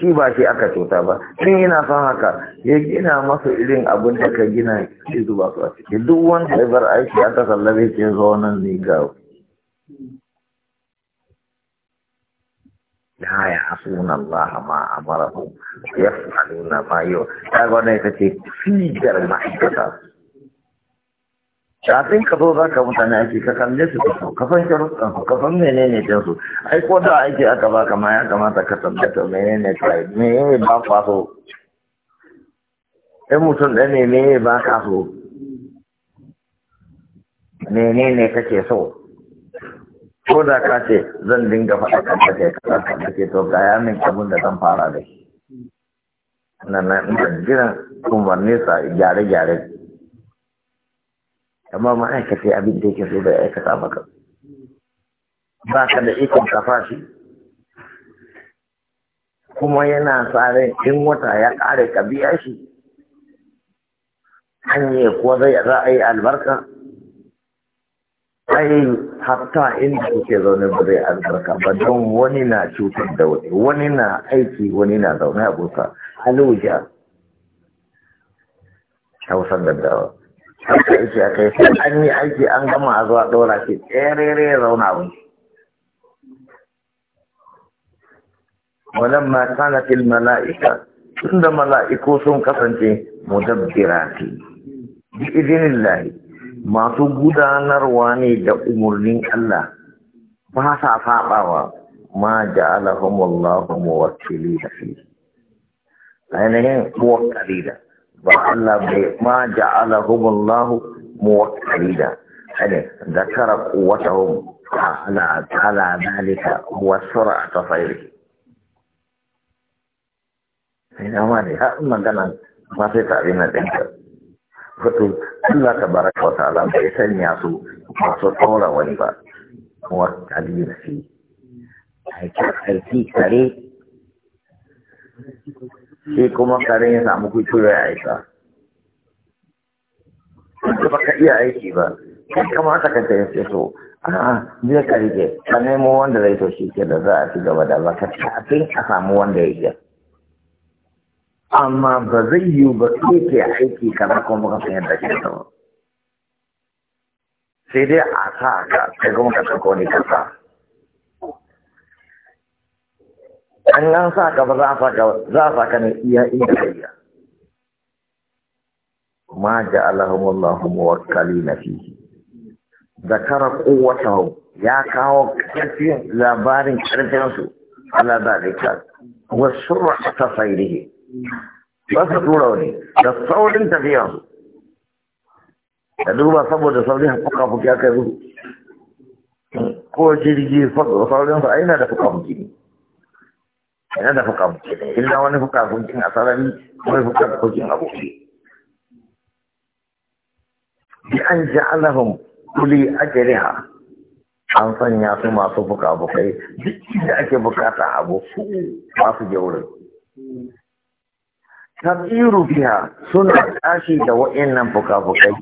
shi ba shi aka cuta ba in yana son haka ya gina masa irin abin da ka gina shi zuba su a ciki duk wanda ya bar aiki aka sallabe ke zo nan ga. gawo la ya asuna Allah ma amarahu yaf'aluna ma yu ta gwada ita ce fijar ma'aikata kafin ka zo ka mutane aiki ka kalle su ka so ka san sharuɗan su ka san menene din su ai ko da aiki aka baka ma ya kamata ka tabbata menene kai ne ba ka so in mutum ɗan ne menene ba ka so menene kake so ko da ka ce zan dinga faɗa kan da kai kaza kan da ke to ya min abun da zan fara da shi na na jiran umarni sa gyare-gyare amma ma'aikaci abin da yake so da aikata maka ba ka da ikon kafa fashi. kuma yana tsare in wata ya ƙare ka biya shi hanyar kuwa za a yi albarka ai hatta inda kuke zaune ba zai albarka ba don wani na cutar da wani wani na aiki wani na zaune a gusa aluja da gaggawa haka aiki a kai sai an yi aiki an gama a zuwa ɗora shi tsere zauna wani wannan ma kana fil mala'ika tunda mala'iku sun kasance mu mudabbirati bi idinillahi masu gudanarwa ne da umarnin Allah ba sa faɗawa ma ja'alahum Allahu muwakkili da fi ainihin muwakkali da ba Allah bai ma ja'alahum mu muwakkili da ne zakara quwwatahum ala ala dalika wa sur'ata sayrihi ina ma ne har magana ba sai ta abin nan ɗinka fito Allah ta baraka wa ta'ala bai sanya su masu tsora wani ba wa kalina fi aiki kare shi kuma kare ya samu kuskure ya aika ba baka iya aiki ba kai kanta ka ce so a'a zai ke. ka nemo wanda zai to shi ke da za a ci gaba da baka kafin a samu wanda ya amma ba zai yiwu ba ke aiki kamar kuma muka san yadda ke sama. sai dai a sa ka sai kuma ka sako ne ka an an sa ka ba za a sa ka za a sa ka ne iya inda ka iya ma ja'alahumullahu muwakkalina fihi zakara quwwatahum ya kawo karfin labarin karfin su ala dalika wa sur'ata sayrihi ba tura wani da saurin tafiya su da duba saboda saurin fuka-fuki aka yi ko jirgi saurin su aina da fuka-fuki ne aina da fuka-fuki ne illa wani fuka fuki a sarari wani fuka fuki a buki bi an ji alahun kuli a jariha an sanya su masu fuka-fukai duk inda ake bukata abu su masu jaurin tasiru biha suna tashi da wa'annan fuka-fukai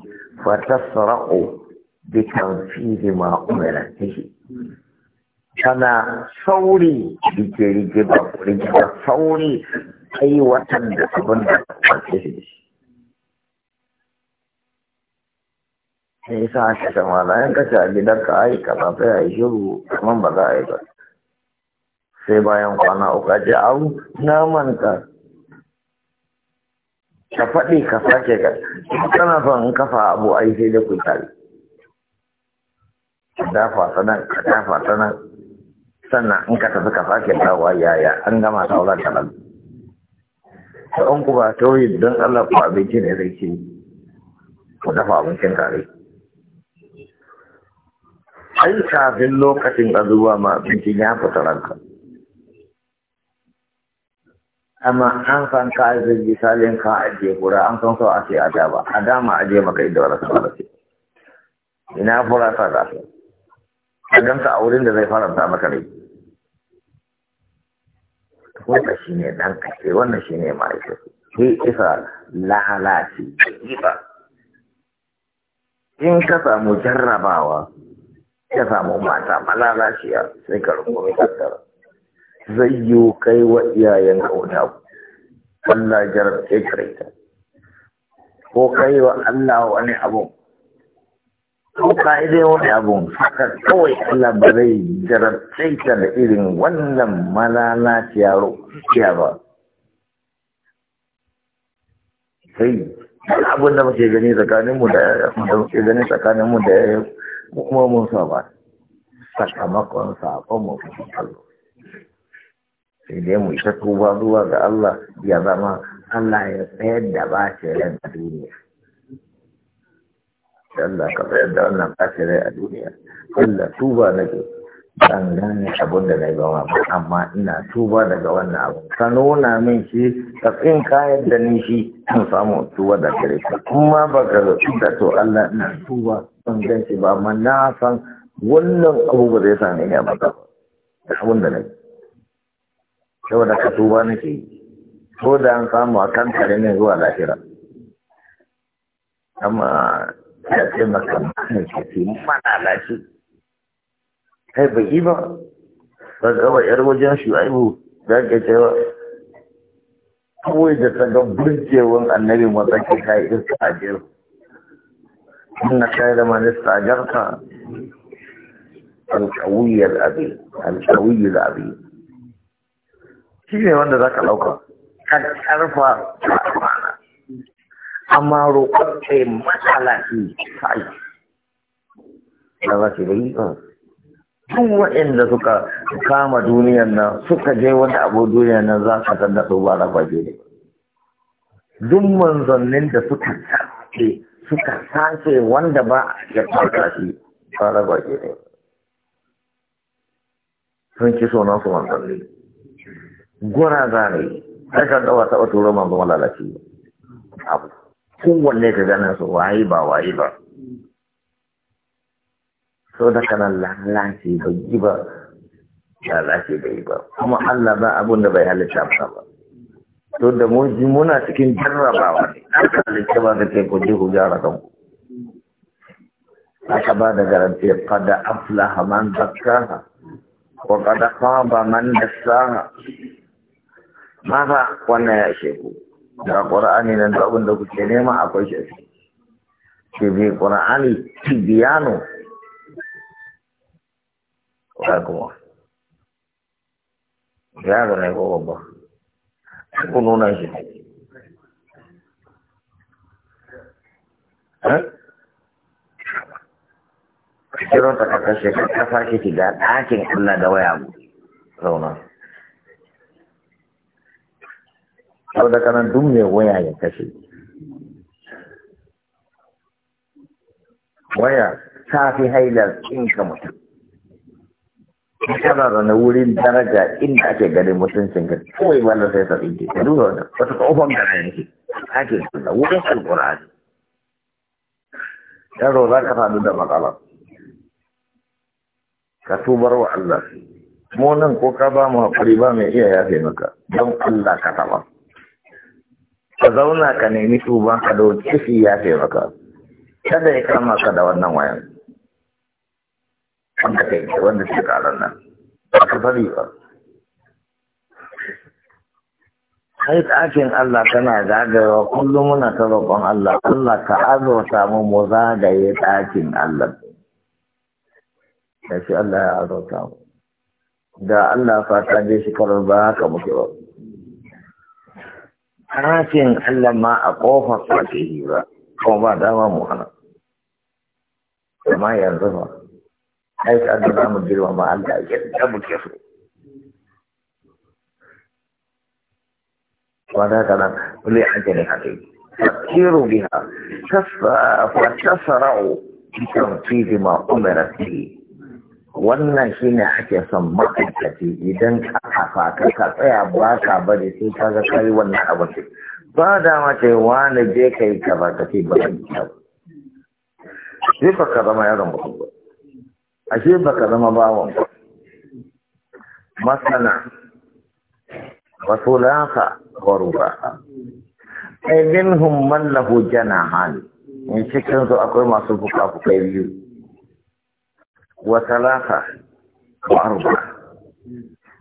fa tasra'u bi tanfidi ma umira tana sauri rike rike ba rike ba sauri aiwatar da abin da kwace shi sai sa na yanka shi a gidan a yi kaza sai a yi shiru kamar ba za a yi ba sai bayan kwana uku a ce abu na manta ka faɗi ka sake ka kana son in kafa abu ai sai da kuka tare ka dafa sanan nan ka dafa sanan sannan in ka tafi ka sake dawa yaya an gama sauran ta nan to an ku ba tauyin don Allah ku abinci ne zai ce ku dafa abincin tare ai kafin lokacin azuwa ma abincin ya fita ranka amma an san ka arziki salin ka ajiye kura an san so a ce a ba a dama ajiye maka idan wani sama ce ina sa da su a ganta a wurin da zai faranta maka rai wanda shi ne ɗan kashe wannan shi ne ma'aikata sai isa lalace ba in ka samu jarrabawa ka samu mata malalaciya sai ka rungumi tattara zai yi kai wa iyayen wani abu Allah jarabce karita ko kai wa Allah wani abu ko dai wani abu haka kawai Allah ba zai jarabce ta da irin wannan malalaciya rukiya ba sai wani abin da muke gani tsakaninmu da da muke gani tsakaninmu da kuma mun saba sakamakon sabon mu kallo sai dai mu isa tuba zuwa ga Allah ya zama Allah ya tsayar da bace rai a duniya Allah ka tsayar da wannan bace rai a duniya Allah tuba nake ban gane abin da na gama ba amma ina tuba daga wannan abu ka nuna min shi ka tsin kayan da ni shi kan samu tuba da gare ka kuma ba ka da to Allah ina tuba ban gan shi ba amma na san wannan abu ba zai sami ni a ba abin da na yi saboda ka tuba nake ko da an samu a kan kare ne zuwa lahira amma ya ce maka kafi mana lafi kai ba yi ba ba gaba yar wajen shi aibu za ka cewa kawai da ta ga burgewan annabi matsaki ka yi iska a jiyar ina kai da manista a jarka alkawiyar abin alkawiyar abin shi ne wanda za ka ɗauka ka karfa amana amma roƙon ce matsala ta sai da za ki da yi tun waɗanda suka kama duniyar nan suka je wani abu duniyar nan za ka tanda su ba na kwaje ne duk manzannin da suka tafi suka sace wanda ba a iya tafi shi ba na kwaje ne sun ci sunan su manzannin gona zane sai ka dawa taɓa turo man zama lalace abu kowanne ka gana su waye ba waye ba so da kana lalace bai yi ba lalace bai yi ba kuma Allah ba abun da bai halitta ba to da mu ji muna cikin jarrabawa ne an halitta ba ka ce ku ji ku gyara kanku aka ba da garanti kada aflaha man zakkaha wa kada khaba man dassaha maza wannan ya ishe ku da ƙura'ani nan da da kuke nema akwai shi ake ce bai ƙura'ani tibiyano wa kuma yaro ne ko babba ku nuna shi eh? kiran ta kakashe ka kafa shi ki ga ɗakin Allah da waya zauna sau da kanan duk mai waya ya kashe waya ta fi hailar tsinka mutum kana da wurin daraja inda ake ganin mutuncin ka kawai wannan sai ta tsinke ka duba wannan wata kofan da na yake ake suna wurin ne yaro za ka sadu da matsala ka tubar wa Allah mu nan ko ka ba mu hakuri ba mai iya yafe maka don Allah ka tabbata ka zauna ka nemi tuban ka da kifi ya taimaka. maka kada ya kama ka da wannan wayan wanda ka yi wanda ke karan nan ba ka fari ba kai ɗakin Allah tana zagayewa kullum muna ta roƙon Allah Allah ka azurta mu mu zagaye ɗakin Allah da shi Allah ya azurta mu da Allah fata je shi karar ba haka muke ba Harafin Allah ma a ƙofar sa ke hira, kuma ba dama mu hana. Amma yanzu ba, ai ka za mu girma ma Allah yadda muke so. Wanda ka nan, wani ake ne haka yi. Fakiru biha, tasara'u, tasara'u, cikin fi ma umarar fiye. wannan shi ne ake son ma'aikaci idan ka kafa ka ka tsaya ba ka bari sai ka ga kai wannan abin ba da mace wani je ka yi kaza ka ce ba zan kyau shi ba ka zama yaron mutum ba shi ba ka zama bawon ba masana wasu lafa wa ruba'a ai minhum man lahu janahan in cikin su akwai masu fuka-fukai biyu وثلاثة وأربعة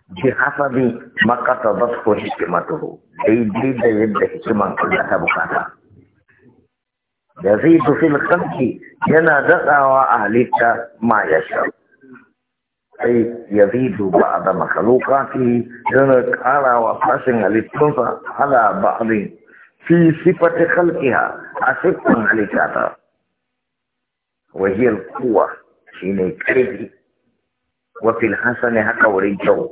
بحسب ما كتبته حكمته بيديد يد حكمة كلها بكاتا يزيد في الخلق ينادى وأهلك ما يشاء أي يزيد بعض مخلوقاته على وفاشن للتنفى على بعض في صفة خلقها أسفا عليك هذا وهي القوة شيء كذب وفي الحسن هكا وريتو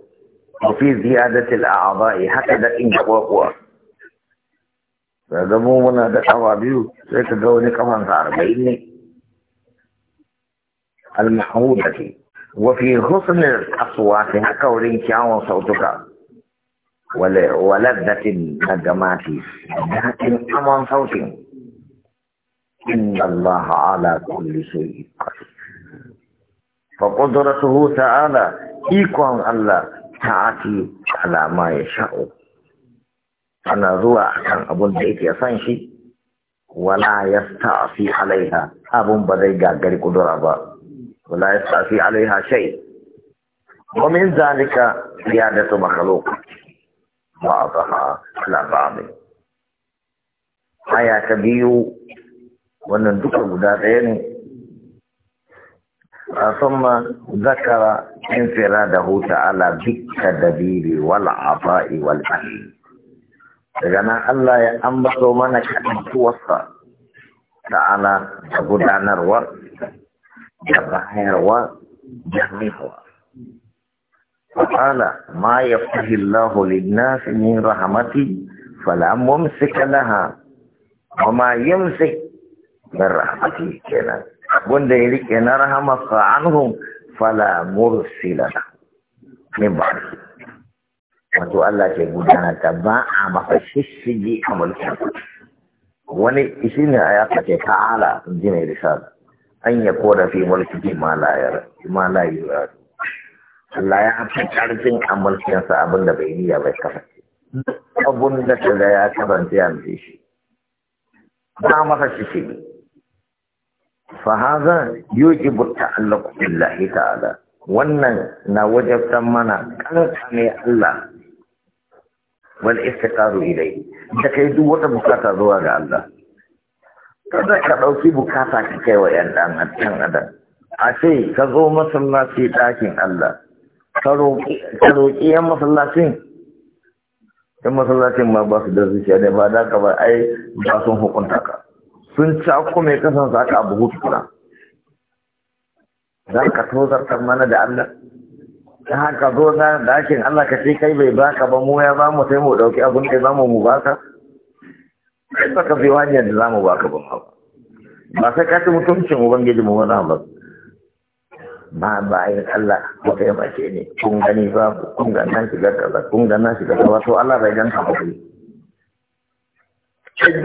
وفي زيادة الأعضاء هكذا إن قوقوا هذا مو من هذا كوابيو سيك دوني كمان صار المحمودة وفي غصن الأصوات هكا وريتو صوتك ولذة النجمات لكن أمان صوت إن الله على كل شيء قدير fa ta ta'ala ikon Allah ta'ati alama ya sha'o. ana zuwa kan abun da yake san shi wala yasta'fi alaiha abun ba zai gagari kudura ba wala yasta'fi alaiha shay wa min zalika ziyadatu makhluq ba'daha ala ba'd aya ta biyu wannan duka guda ɗaya ne ثم ذكر انفراده تعالى بالتدبير والعطاء والأهل لأن الله يأمر من أن توصى تعالى تقدان الوقت جبهين الوقت جميع فقال ما يفتح الله للناس من رحمته فلا ممسك لها وما يمسك من رحمته كذا abunda ya rike na rahama fa anhum fala mursila min su. wato Allah ke gudana ta ba a maka shishigi a mulkin wani shi ne a ya ce ta'ala in ji mai risala an ya kora fi mulki ma la Allah ya fi ƙarfin a mulkinsa abinda bai niya bai kasance abun da ta ya karanta ya mace shi ba maka shishigi fahaza yuki butta Allah billahi ta'ala wannan na wajabtan mana kankane Allah wal istiqaru ilayhi da kai duk wata bukata zuwa ga Allah kada ka dauki bukata ka kai wa yan dan adam a ce ka zo masallaci ɗakin Allah ka roƙi yan masallacin yan masallacin ma ba su da zuciya ne ba da ka ba ai ba sun hukunta ka sun cako mai kasan ka abu hutu kuna za ka tozartar mana da Allah ta haka zo na dakin Allah ka ce kai bai baka ba mu ya ba mu sai mu dauki abin da za mu baka kai ka biyo hanyar da mu baka ba ba sai ka ci mutuncin ubangiji mu wannan ba ba bayan Allah ko kai ba ce ne kun gani ba kun gana nan shiga kaza kun gana shi shiga kaza to Allah bai ganka ba kai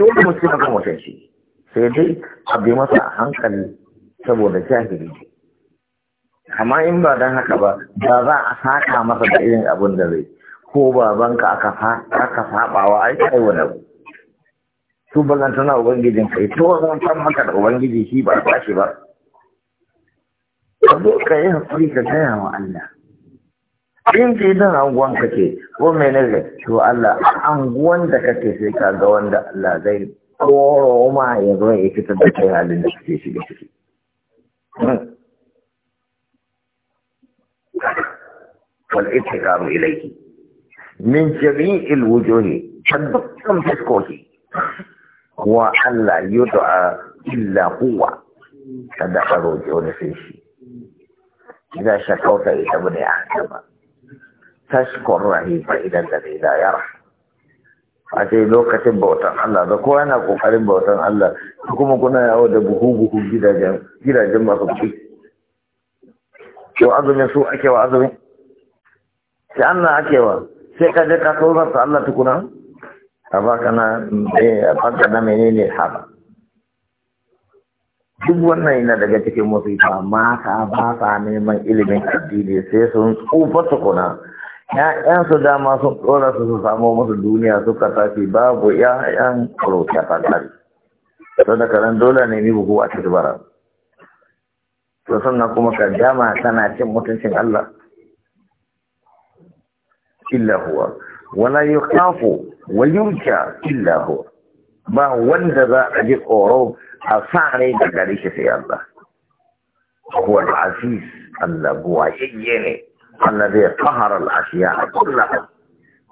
dole mu ci maka mutunci sai dai a bi masa a hankali saboda jahili amma in ba don haka ba ba za a saka masa da irin abin da zai ko babanka aka sabawa ai kai wani abu su na ubangijin kai to zan san maka da ubangiji shi ba ba shi ba ka zo ka yi hakuri ka gaya wa Allah in ce don anguwan ka ce ko menene to Allah anguwan da kake sai ka ga wanda Allah zai وما ma ya zo في fitar da kai إليه من جميع الوجوه تدقم تسكوه وأن لا يدعى إلا هو تدقى رجوع نفسي إذا شكوت إلى ابن أحكم تشكر رهيب إلى الذي لا يرحم a ce lokacin bautan Allah da kowa yana kokarin bautan Allah kuma kuna yawo da buhu-buhu gidajen gidajen masu kuɗi yau azumi su ake wa azumi sai Allah ake wa sai ka je ka tsoron ta Allah tukuna a baka na a baka na menene haba duk wannan yana daga cikin musifa ka ba sa neman ilimin addini sai sun tsufa tukuna ‘ya'yansu dama sun ɗora su su samu musu duniya suka tafi babu ‘ya'yan kurota ta kare. Sau da karen dole ne ni buku a cikin To sannan kuma ka dama tana cin mutuncin Allah. Illa Wala yi kafo, wa yurka illa Ba wanda za a ji tsoro a sa rai da gari shi sai Allah. Kuwa al-Aziz Allah buwa yayye ne. ya al'ashiya a الأشياء an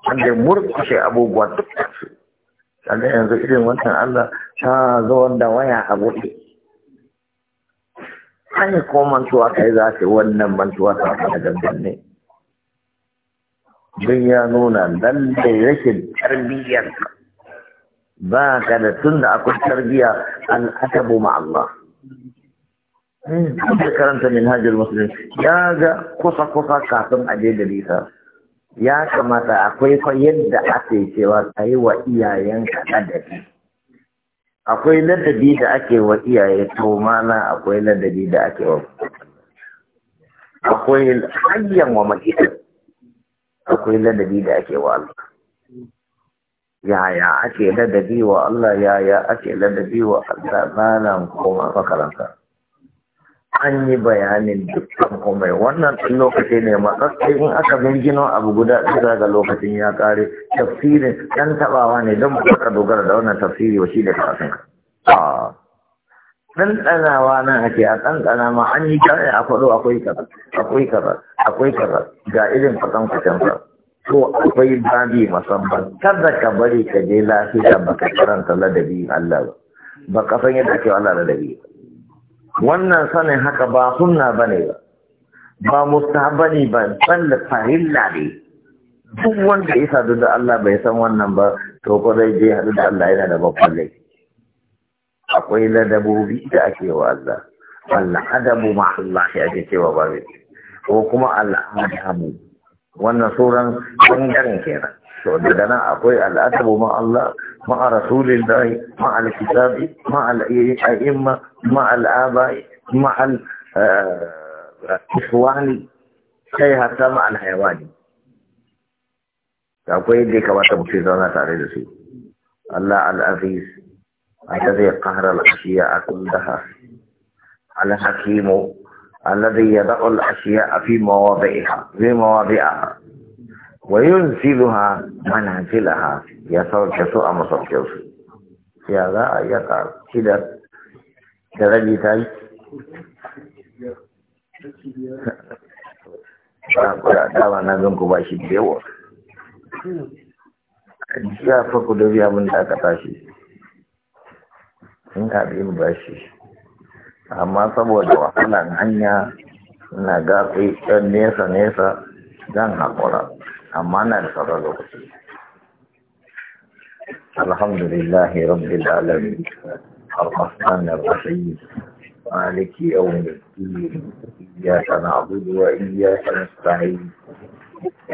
wanda murkushe abubuwa da su sannan yanzu irin wancan Allah ta zo da waya a buɗe an yi ko mantuwa kai za ta wannan mantuwa ta ta gangan ne don ya nuna lallai rashin tarbiyyar ba ka da tun da akwai tarbiyya al'adabu ma Allah da karanta hajjar musulun ya ga kusa-kusa kafin a je da nisa ya kamata akwai fa yadda ake cewa ka yi wa iyayenka ladabi akwai ladabi da ake wa iyaye to mana akwai ladabi da ake wa akwai hanyar wa makisar akwai ladabi da ake wa Allah yaya ake ladabi wa Allah yaya ake ladabi wa Allah malam koma makaranta an yi bayanin dukkan komai wannan ɗin lokaci ne matsatsi in aka birgino abu guda ɗaya ga lokacin ya ƙare tafsirin ɗan taɓawa ne don ba dogara da wannan tafsiri wa shi da kafin ah. ɗanɗanawa nan ake a ɗanɗana ma an yi kare a faɗo akwai kaza akwai kaza akwai kaza ga irin fatan kucin sa to akwai babi musamman kada ka bari ka je lafiya baka karanta ladabi Allah ba baka san yadda ake Allah ladabi ba wannan sanin haka ba sunna bane ba ba mustahabani ba balla farilla ne duk wanda ya sadu da Allah bai san wannan ba to ko zai je hadu da Allah yana da babban laifi akwai ladabobi da ake wa Allah Allah adabu ma Allah ya ake cewa ba ko kuma Allah adabu wannan sauran bangaren kenan شعبتنا أقوي الأدب مع الله مع رسول الله مع الكتاب مع الأئمة مع الآباء مع الإخوان آه، كي حتى مع الحيوان أقوي ديك ما تبكي زونا تعليل سي الله العزيز الذي قهر الأشياء كلها الحكيم الذي يضع الأشياء في مواضعها في مواضعها wa yunziluha ha, ya sauke su a masauke su ya za a yi ƙarfi da da rabi ta yi ba na zan ku ba shi da yawa ya fa ku da biya da aka tashi in ka bi ba shi amma saboda wahalan hanya na ga ɗan nesa nesa zan haƙura amma na da sauran lokaci alhamdulillah rabbil الرحمن الرحيم مالك يوم الدين إياك نعبد وإياك نستعين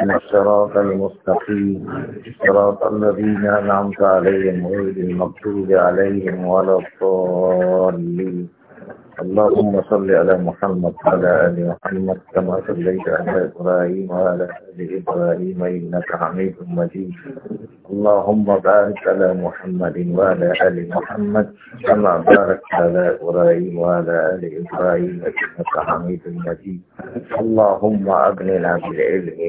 إن الصراط المستقيم صراط الذين أنعمت عليهم غير المغضوب عليهم ولا الضالين اللهم صل على محمد وعلى آل محمد كما صليت على إبراهيم وعلى آل إبراهيم إنك حميد مجيد اللهم بارك على محمد وعلى آل محمد كما باركت على إبراهيم وعلى آل إبراهيم إنك حميد مجيد اللهم أغننا بالعلم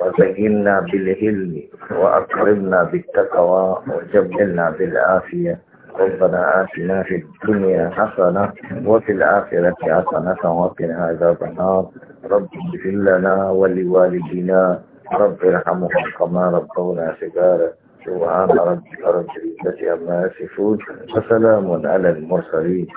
وزينا بالعلم وأكرمنا بالتقوى وجملنا بالعافية ربنا آتنا في الدنيا حسنة وفي الآخرة حسنة وقنا عذاب النار رب اغفر لنا ولوالدينا رب ارحمهم كما ربونا صغارا سبحان ربك رب العزة عما يصفون وسلام على المرسلين